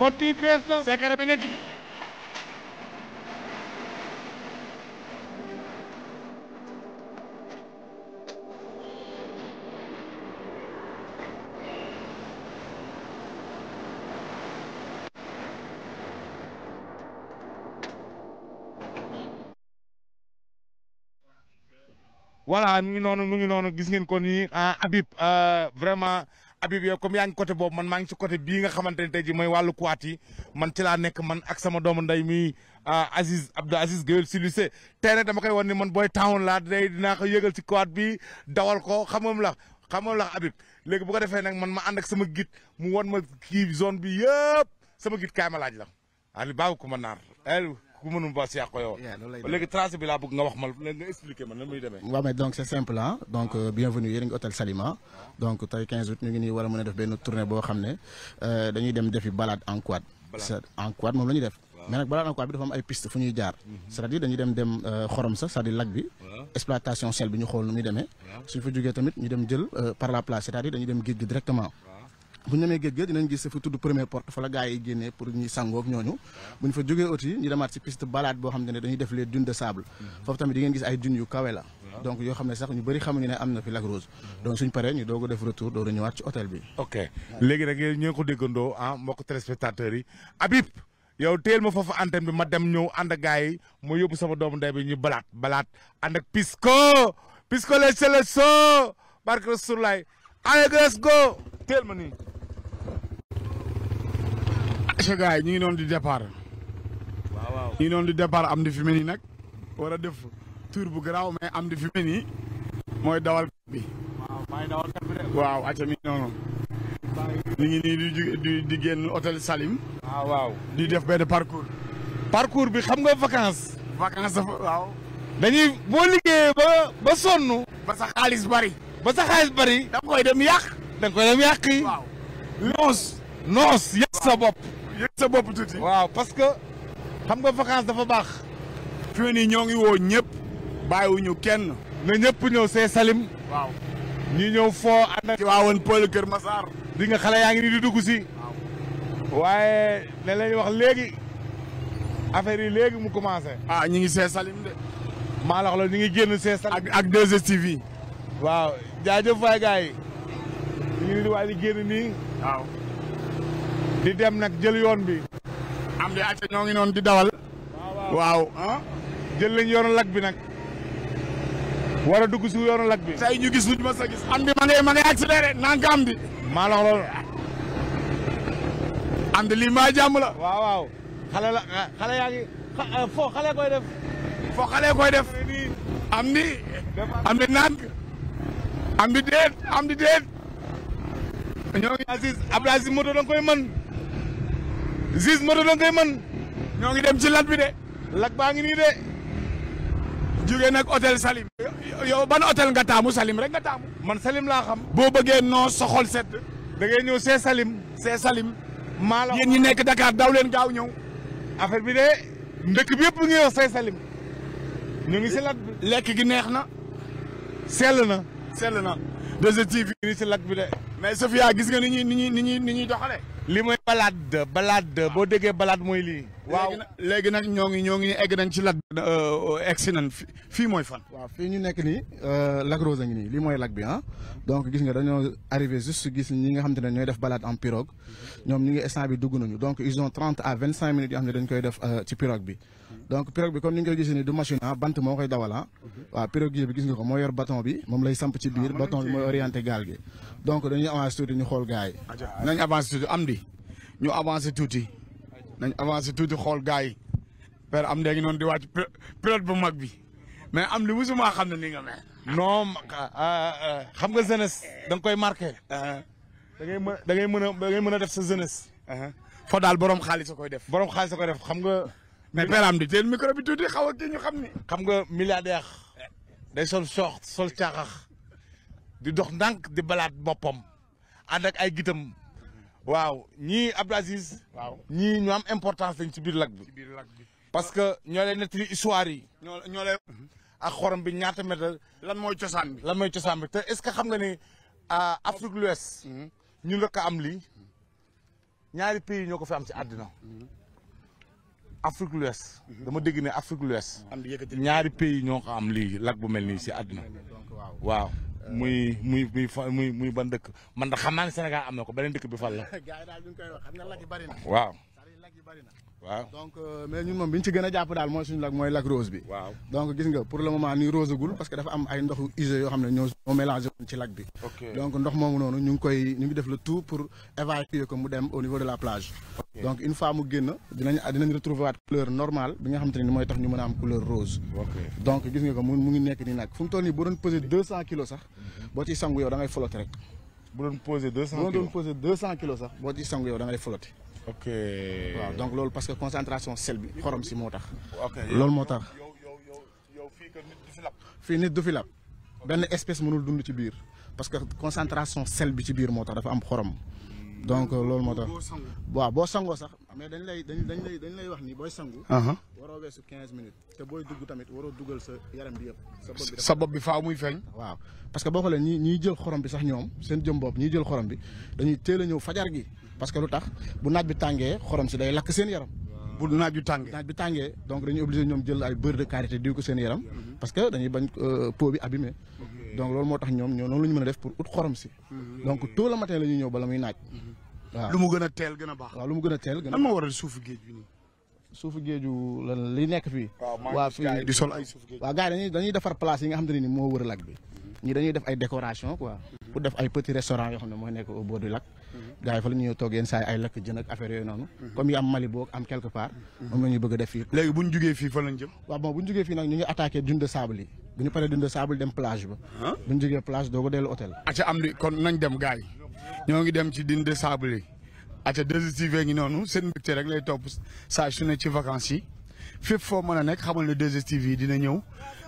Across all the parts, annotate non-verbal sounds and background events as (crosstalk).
కొట్టి ప్లేస్లో ngi noonu mi ngi noonu gis ngeen ko ni ah, Habib euh, vraiment Habib yow comme yaa ngi côté boobu man maa ngi ci côté bii nga xamante ne tey jii mooy wàllu man ci laa nekk man ak sama doomu nday mi ah, Aziz Abdou Aziz Guèyeul si lycée tey nag dama koy wan ni man booy town laa day dinaa ko yëgal ci kuwaat bi dawal ko xam nga la xam nga la Habib léegi bu ko defee nag man ma ànd ak sama git mu won ma kii zone bi yëpp sama git kaay ma laaj la. Aliou baaxul ko ma naar ku léegi tracé bi laa bëgg nga wax ma léegi nga expliqué ma nan muy demee. waaw mais donc c' simple ah donc euh, bienvenue yéen ngi hôtel Salima donc tey 15 août ñu ngi nii war a mën def benn tournée boo xam ne euh, dañuy dem defi balade en quad. en quad moom la def. mais nag balaa encore bi dafa ay piste fu ñuy jaar mhm. c'est-à-dire dañuy dem dem euh, xorom sa c'est-à-dire lac bi exploitation sel bi ñu xool nu muy demee suñ fa jógee tamit ñu dem jël bu ñu demee géej géej dinañ gis fa tudd première porte fa la gars yi génnee pour ñuy sangoog ñooñu bu fa jógee aussi ñu demaat si piste balade boo xam ne dañuy def les dunes de sable mm-hmm. foofu tamit di ngeen gis ay dunes yu kawe donc yoo xam ne sax ñu bëri xamuñu ne am na fi Lac mm-hmm. donc suñ paree ñu doog a def retour doog a ñëwaat ci hôtel bi ok léegi rek ñoo ko déggandoo ah mbokk téléspectateurs yi Habib yow teel ma foofu antenne bi ma dem ñëw ànd ak gars yi ma yóbbu sama doomu ndey bi ñu balaat balaat ànd ak pisco pisco le sele so barke Rasulaay allez let's go teel ma nii sa gars ñu ngi noonu di départ. waaw di départ am di fi mel nii nag war a def tour bu garaaw mais am di fi mel mooy dawal bi. waaw maay dawal kat bi de. waaw ngi nii di di génn hôtel Salim. Ah, di def benn parcours. parcours bi xam nga vacances. vacances dañuy boo liggéeyee ba ba sonn. ba sa xaalis bari. ba sa xaalis bari. da nga koy dem yàq. da koy dem yàq noos. noos yàq sa bopp. yëg sa bopp tuuti. waaw parce que xam nga vacance dafa baax. fi mu nii ñoo ngi woo ñëpp. bàyyiwuñu kenn. na ñëpp ñëw see Salim. waaw ñi ñëw foo ànd ak. waa woon Paul Kër Massar. di nga xale yaa ngi nii di dugg si. waaye ne lañuy wax léegi affaire yi léegi mu commencé. ah ñu ngi see Salim de. maa la wax la ñu ngi génn see Salim. ak ak 2 waaw jaajëf waay gars yi. ñu ngi di waay di génn nii. di dem nag jël yoon bi. am di acca ñoo ngi di dawal. waaw jël lañ yoonu lak bi nag. war a dugg si lak bi. tey ñu gis luñ ma sa gis am di ma ngay ma ngay maa la loolu. lii maa jàmm la. waaw xale koy def. foo xale nank. am di déet am di déet. ñoo moto da koy mën. Ziz moto la ngay mën. ñoo ngi dem si lat bi de. lak baa ngi nii de. jóge nag hôtel Salim. yow ban hôtel nga taamu Salim rek nga taamu. man Salim laa xam. boo bëggee noo soxol set. da ñëw see Salim. see Salim. maa la yéen ñi nekk Dakar daw leen gaaw ñëw. affaire bi de ndëkk bi yëpp ngi wax see Salim. ñu ngi si lat bi lekk gi neex na. sell na sell na. 2STV ngi si lat bi de. mais Sofia gis nga ni ñuy ni ñuy ni ñuy ni ñuy doxalee. li mooy balade balade boo déggee balade mooy lii waaw léegi nag ñoo ngi ñoo ngi egg nañ ci lag euh, egg si nañ fi fii mooy fan. waa fii ñu nekk nii euh, Lac Rose a ngi nii lii mooy lag bi ah donc gis nga dañoo arrivé juste gis ñi nga xam te ne ñooy def balade en pirogue ñoom ñu ngi instant bi dugg nañu donc ils ont à vingt cinq minutes yoo ne dañ koy def euh, ci pirogue bi. donc pirogue bi comme ni nga koy gis nii du machine ah bant moo koy dawal ah waaw pirogue bi gis nga ko moo yor bâton bi moom lay samp ci biir ah, bâton bi mooy orienté gaal gi donc dañuy avancer tuuti ñu xool gars yi. nañ avancer tuuti am di ñu avancer tuuti. nañ avancé tuuti xool gars yi père am léegi noonu di wàcc pilote bu mag bi mais am li musuma xam ne ni nga mel. no ah, ah, ah, xam nga jeunesse danga koy marqué. Uh-huh. da ngay mën da ngay mën a da mën a def sa jeunesse. Uh-huh. fo daal borom xaalis koy def. borom xaalis a koy def xam nga. mais père am di teel micro bi tuuti xaw a kii xam ni. xam nga milliardaire day sol soox sol caaxax di dox ndànk di balaat boppam ànd ay gitam. waaw ñii Abdou Aziz. waaw ñii ñu am importance lañ ci biir lak bi. biir lak bi parce que ñoo lay nettali histoire yi. ñoo ñoo lay. Mhm. ak xorom bi ñaata mètre. lan mooy cosaan bi lan mooy cosaan bi te est-ce que xam nga ni Afrique de l'Ouest. Mhm. ñun rek am lii ñaari pays ñoo ko fi am ci àddina. Mhm. Afrique de l'Ouest. dama dégg ne Afrique de l'Ouest. ñaari pays ñoo ko am lii lak bu mel nii si àddina. waaw. muy muy muy muy muy ban dëkk man da xam naa ne Sénégal am na ko beneen dëkk bi fan la. (laughs) daal ñu koy wax bari na waaw. waaw donc euh, mais ñun moom bi ñu ci gën a jàpp daal mooy suñu lac mooy lac rose bi. waaw donc gis nga pour le moment nii rose gul parce que dafa am ay ndoxu usé yoo xam ne ñoo ñoo ci lac bi. donc ndox moomu noonu ñu ngi def le tout pour évacuer ko mu dem au niveau de la plage. donc une fois mu génn dinañ dinañ retrouver waat couleur normale bi nga xam te ne mooy tax ñu mën a am couleur rose. donc gis nga ko mu ngi nekk ni nag fu mu toll nii mhm. boo doon pesé deux cent kilos sax boo ciy sangu cent kilos boo doon pesé deux cent kilos ok waaw donc loolu parce que concentration sel bi xorom si moo tax. loolu moo tax. fii nit du fi lab benn espèce mënul dund ci biir parce que concentration sel bi ci biir moo tax dafa am xorom. donc euh, loolu moo tax waa boo sangoo sax mais dañ lay dañ dañ dañ lay wax nii booy sangu. Uh-huh. waroo weesu quinze minutes te booy dugg tamit waroo dugal sa yaram bi yëpp. sa bopp bi faaw muy feeñ. waaw parce que boo xoolee ñi ñiy jël xorom bi sax ñoom seen jëm bopp ñiy jël xorom bi dañuy teel a ñëw fajar gi parce que lu tax bu naaj bi tàngee xorom si day lakk seen yaram. bu naaj bi tàngee bi tàngee donc dañuy obligé ñoom jël ay beurre de karité seen yaram. Mm-hmm. parce que dañuy bañ euh, peau bi donc loolu moo tax ñoom ñoo noonu la ñu mën def pour ut xorom si. Mm-hmm. donc tôt le matin la ñuy ñëw bala muy naaj. Mm-hmm. lu mu gën a teel gën a baax. waaw lu mu gën a teel gën a baax lan nekk fii. waaw fii di sol ay defar place yi nga xam ne ni moo wër lac bi. ay décoration quoi. Mhm. pour def ay ne mooy nekk au bord du lac. Mhm. gars yi fa la ñuy toog yenn saa yi ay lakk jën ak affaire yooyu noonu. Mhm. comme yi am Mali boog am quelque part. moom la ñuy bëgg a def fii. léegi bu ñu jugee fii fa lañ jëm. waaw ñu jugee fii nag ñu ngi attaqué dune de sable yi bu ñu paree dune de sable dem plage ba. bu jugee plage doo ko hôtel. acca am di kon nañ dem gars ñoo ngi dem ci dine de sable yi ate 2STV ngi noonu seen mbégte rek lay topp saa su ne ci vacances yi fépp foo mën a nekk xamal ne 2STV yi dina ñëw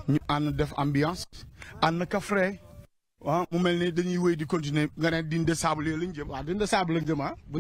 ñu ànd def ambiance ànd kafre waaw ah, mu mel ni dañuy wéy ah.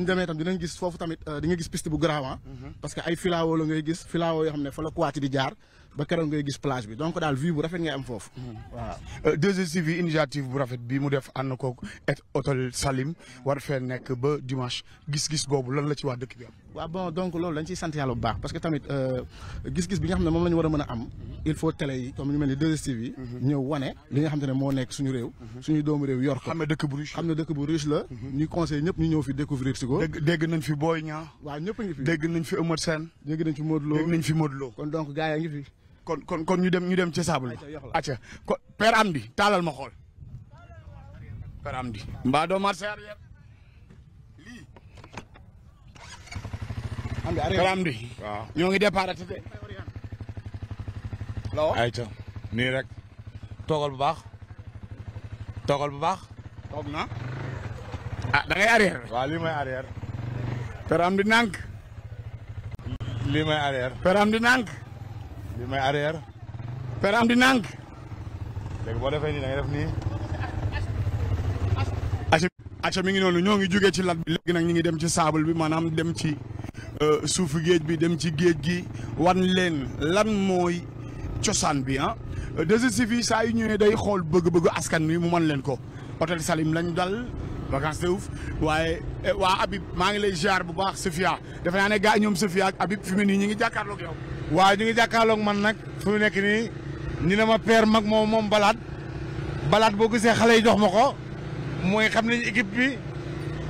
demee tam dinañ gis foofu tamit euh, di gis piste bu garaaw ah. mhm. parce que ay filao la ngay gis filao yoo xam ne fa la kuwaati di jaar ba keroog ngay gis plage bi donc daal vue bu rafet ngay am foofu. waaw 2STV euh, initiative bu rafet bi mu def ànd ko et hôtel Salim war fee nekk ba dimanche gis-gis boobu lan la ci wax dëkk bi am. waaw bon donc loolu dañ ciy sant yàlla bu baax parce que tamit euh, gis-gis bi nga xam ne moom la ñu war a mën a am. il faut télé yi comme ñu mel ni 2STV. ñëw wane li nga xam ne moo nekk suñu réew. suñu doomu réew yor ko. xam ne dëkk bu riche xam ne dëkk bu riche la. Mhm. ñuy conseil ñëpp fi découvrir si ko. dégg dégg nañ fi Boy nañ fi Eumeu nañ fi Modou Lo dégg fi Modou Lo kon donc gars yaa ngi fi kon kon kon ñu dem ñu dem ci sable acca ko père Amdi taalal ma xool père Amdi mbaa doo marché arrière lii père Amdi ñoo ngi départ ati de ayca nii rek toogal bu baax toogal bu baax toog na ah da ngay arrière waaw lii mooy arrière père Amdi nànk lii mooy arrière père Amdi nànk bi may arrière. peraam di nang. léegi boo defee nii da ngay def nii. acca acca mi ngi noonu ñoo ngi jugee ci lat bi léegi nag ñu ngi dem ci saabal bi maanaam dem ci euh, suufu géej bi dem ci géej gi wan leen lan mooy cosaan bi ah. desitsi fii saa yu ñëwee day xool bëgg bëgg askan wi mu mën leen ko hôtel Salim lañ dal vacances de ouf waaye eh, waa Habib maa ngi lay ziar bu baax Sofia defe naa ne gars ñoom Sofia ak fi mu ne nii ñu ngi jàkkaarloog yow. waaw ñu ngi jàkkaarloog man nag fu mu nekk nii ni na ma père mag moom moom balaat balaat boo gisee xale yi jox ma ko mooy xam nañ équipe bi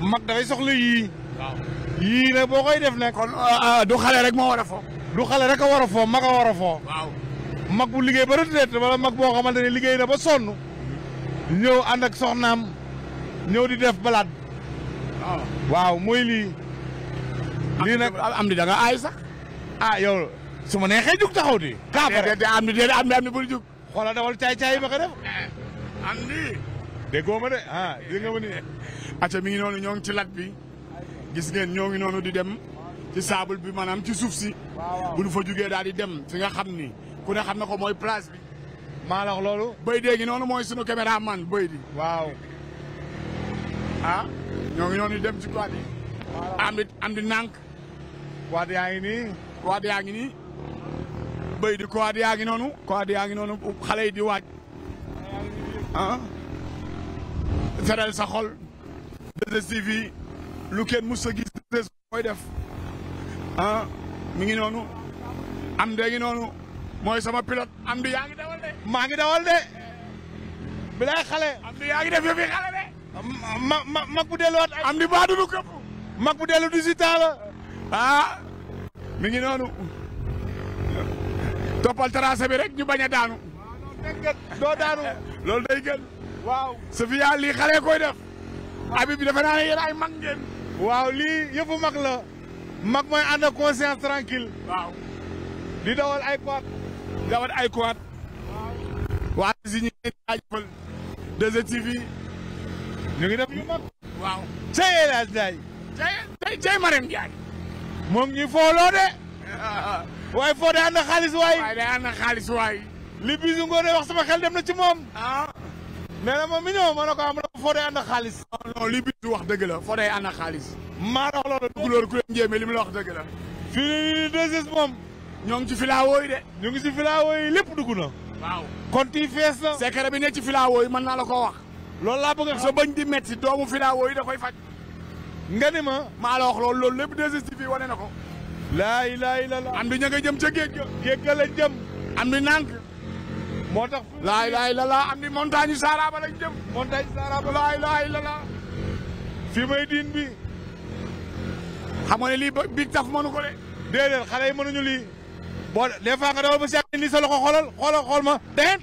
mag dafay soxla yii. waaw yii nag boo koy def nag. kon euh, euh, du xale rek moo war a fo. du xale rek a war a fo mag a war a fo. mag bu liggéey ba retraite wala mag boo xamante ne liggéey na ba sonn ñëw ànd ak soxnaam ñëw di def balaat. waaw mooy lii. lii nag am di da nga sax ah yow. su ma neexee jug taxaw di. kaafara déedéet am na déedéet am na am na bul jug. xoolal dawal caay yi ma ko def. Eh, am ni. déggoo ma ah, mi ngi noonu ñoo ngi ci lat bi gis ngeen ñoo ngi noonu di dem ci sable bi maanaam ci suuf si. bu ñu fa jugee daal di dem fi nga xam ni ku ne xam na ko mooy place bi. maa loolu. béy dee ngi noonu mooy sunu caméraman béy di. waaw. ah ñoo ngi noonu dem ci toit yi. am di am di nànk. waat yaa ngi nii. waat yaa ngi nii. mbay di quad yaa ngi noonu quad yaa ngi noonu xale yi di waaj ah feral sa xol desestiv yi lu kenn mus a gis mooy def ah mi ngi noonu am de ngi noonu mooy sama pilote am di yaa ngi dawal de maa ngi dawal de bilaay xale am di yaa ngi def yëf yi xale de ma ma mag bu delluwaat am di baadu du këpp mag bu dellu du si ah mi ngi noonu toppal tracé bi rek ñu bañ a daanu. doo daanu. loolu day gën. waaw Sofia lii xale koy def. Habib bi dafa naa ne ay mag ngeen. waaw lii yëfu mag la. mag mooy ànd ak tranquille di dawal ay quad. dawal ay quad. waa si ñu ngi jaajëfal. 2STV. ñu ngi def yu mag. waaw. Seye El Hadj fooloo de. (laughs) waaye foo day xaalis waaye day ànd ak li bisu ngoone wax sama xel dem na ci moom. ah. nee na ma mi ñëw ma ko am ah, na foo day xaalis. non non li wax dëgg la foo day ànd xaalis. maa dox loolu dugg ku leen jéeme li mu la wax dëgg la. fii nii moom. ñoo ngi ci filaawoo yi de. ñu ngi ci filaawoo lépp dugg kon tii fees na. secret bi nekk ci filaawoo yi mën naa la koo wax. loolu laa bëgg sa bañ di metti doomu filaawoo yi da koy faj. nga ni ma. maa la wax loolu loolu lépp deuxième bi wane na ko laa ilaaha illallaah am di jëm ca géej ga géej ga lañ jëm am di moo tax laa ilaaha illallaah am di montagne yu saaraaba lañ jëm montagne saaraaba laa ilaaha illallaah fii may diin bi xam nga lii big taf mënu ko de déedéet xale yi mënuñu lii boo des fois nga dawal ba si nii sa loxo xoolal xoolal xool ma deen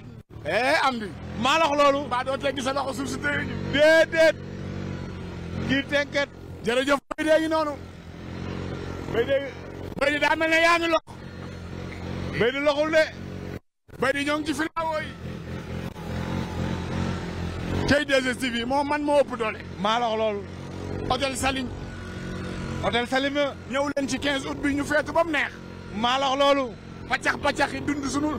eh am di maa lox loolu baa doot léegi sa loxo suuf si téye ñu déedéet kii tenket jërëjëf bay dee ngi noonu bay dee Béy daa mel ne yaa ngi lox Béy di loxul de Béy di ñoo ngi ci filaawo yi tey moom man moo ëpp doole maa lox lool hôtel Salim hôtel Salim ñëw leen ci 15 août bi ñu feetu ba mu neex maa lox loolu paccax paccax yi dund sunu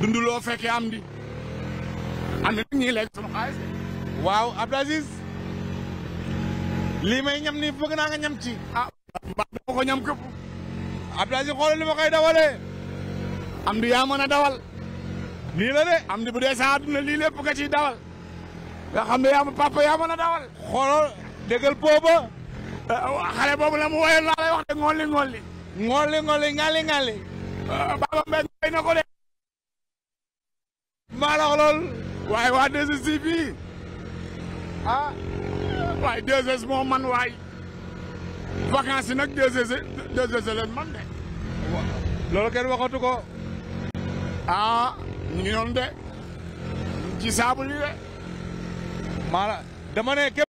dund loo fekkee am di am na ñuy sunu xaalis waaw Abdou lii may ñam ni bëgg naa ñam ci ah mbaa dama ko ñam këpp Abdou Aziz xoolal li ma koy dawalee am di yaa mën a dawal lii de am di bu dee sa àdduna lii lépp dawal nga yaa ma papa yaa mën a dawal xoolal déggal booba eh, xale boobu la mu woyoon laa lay wax de ngolli ngolli ngolli ngolli ngali ngali eh, baba na ko de maa la lool waaye waa 2STV ah waaye 2S moo man waay vacances yi nag deux heures leen man de loolu kenn waxatu ko ah ñu de ci saabu yi de maanaam dama ne